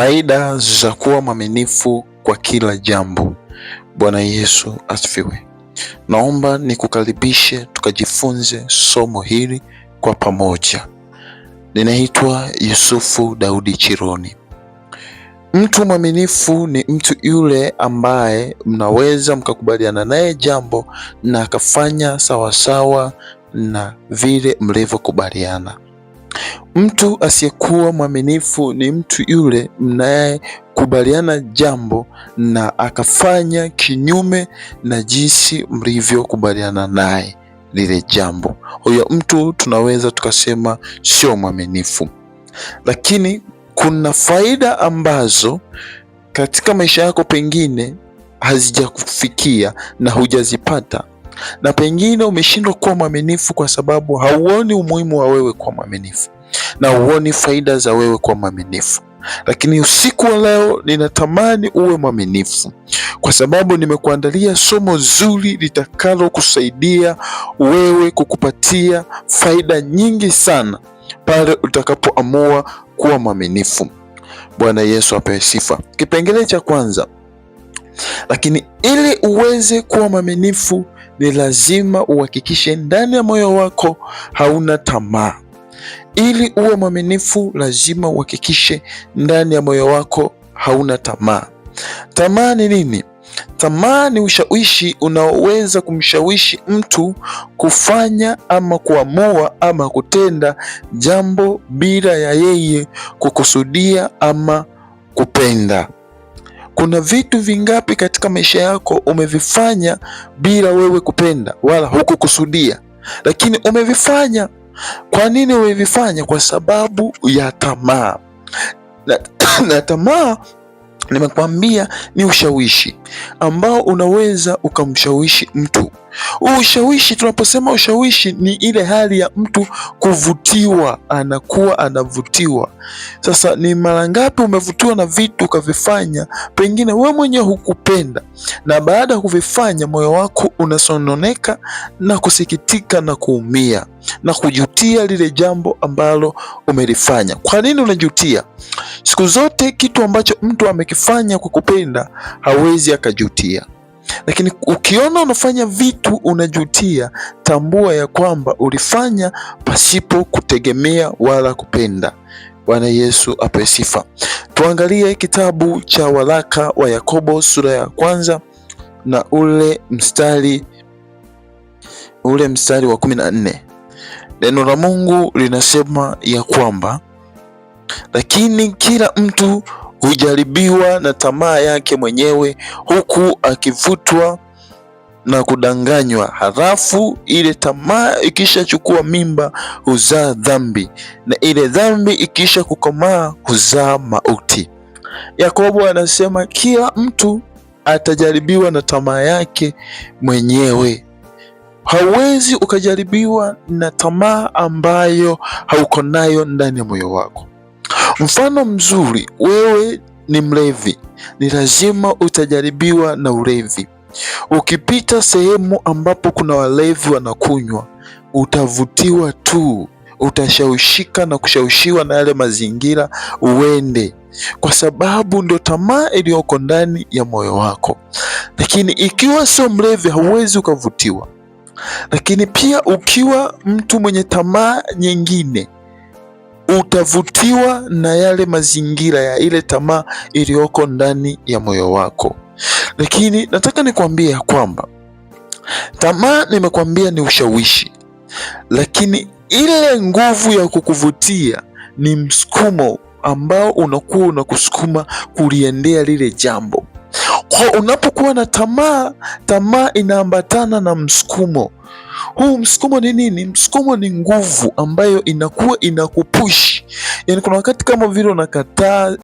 Faida za kuwa mwaminifu kwa kila jambo. Bwana Yesu asifiwe. Naomba nikukaribishe tukajifunze somo hili kwa pamoja. Ninaitwa Yusufu Daudi Chironi. Mtu mwaminifu ni mtu yule ambaye mnaweza mkakubaliana naye jambo na akafanya sawasawa na vile mlivyokubaliana. Mtu asiyekuwa mwaminifu ni mtu yule mnayekubaliana jambo na akafanya kinyume na jinsi mlivyokubaliana naye lile jambo. Huyo mtu tunaweza tukasema sio mwaminifu. Lakini kuna faida ambazo katika maisha yako pengine hazijakufikia na hujazipata na pengine umeshindwa kuwa mwaminifu kwa sababu hauoni umuhimu wa wewe kuwa mwaminifu na uoni faida za wewe kwa mwaminifu. Lakini usiku wa leo ninatamani uwe mwaminifu, kwa sababu nimekuandalia somo zuri litakalokusaidia wewe kukupatia faida nyingi sana pale utakapoamua kuwa mwaminifu. Bwana Yesu apewe sifa. Kipengele cha kwanza, lakini ili uweze kuwa mwaminifu, ni lazima uhakikishe ndani ya moyo wako hauna tamaa. Ili uwe mwaminifu, lazima uhakikishe ndani ya moyo wako hauna tamaa. Tamaa ni nini? Tamaa ni ushawishi unaoweza kumshawishi mtu kufanya ama kuamua ama kutenda jambo bila ya yeye kukusudia ama kupenda. Kuna vitu vingapi katika maisha yako umevifanya bila wewe kupenda wala hukukusudia, lakini umevifanya. Kwa nini umevifanya? Kwa sababu ya tamaa na, na tamaa nimekwambia ni ushawishi ambao unaweza ukamshawishi mtu Ushawishi, tunaposema ushawishi ni ile hali ya mtu kuvutiwa, anakuwa anavutiwa. Sasa ni mara ngapi umevutiwa na vitu ukavifanya, pengine wewe mwenyewe hukupenda, na baada ya kuvifanya moyo wako unasononeka na kusikitika na kuumia na kujutia lile jambo ambalo umelifanya. Kwa nini unajutia? Siku zote kitu ambacho mtu amekifanya kwa kupenda hawezi akajutia. Lakini ukiona unafanya vitu unajutia, tambua ya kwamba ulifanya pasipo kutegemea wala kupenda. Bwana Yesu apewe sifa. Tuangalie kitabu cha waraka wa Yakobo sura ya kwanza na ule mstari ule mstari wa kumi na nne. Neno la Mungu linasema ya kwamba lakini kila mtu hujaribiwa na tamaa yake mwenyewe, huku akivutwa na kudanganywa. Halafu ile tamaa ikishachukua mimba huzaa dhambi, na ile dhambi ikisha kukomaa huzaa mauti. Yakobo anasema kila mtu atajaribiwa na tamaa yake mwenyewe. Hauwezi ukajaribiwa na tamaa ambayo hauko nayo ndani ya moyo wako. Mfano mzuri, wewe ni mlevi, ni lazima utajaribiwa na ulevi. Ukipita sehemu ambapo kuna walevi wanakunywa, utavutiwa tu, utashawishika na kushawishiwa na yale mazingira uende, kwa sababu ndio tamaa iliyoko ndani ya moyo wako. Lakini ikiwa sio mlevi, hauwezi ukavutiwa. Lakini pia ukiwa mtu mwenye tamaa nyingine utavutiwa na yale mazingira ya ile tamaa iliyoko ndani ya moyo wako. Lakini nataka nikwambie ya kwamba tamaa, nimekwambia ni ushawishi, lakini ile nguvu ya kukuvutia ni msukumo ambao unakuwa unakusukuma kuliendea lile jambo. Kwa unapokuwa na tamaa, tamaa inaambatana na msukumo. Huu msukumo ni nini? Msukumo ni nguvu ambayo inakuwa inakupush, yani kuna wakati kama vile unakataa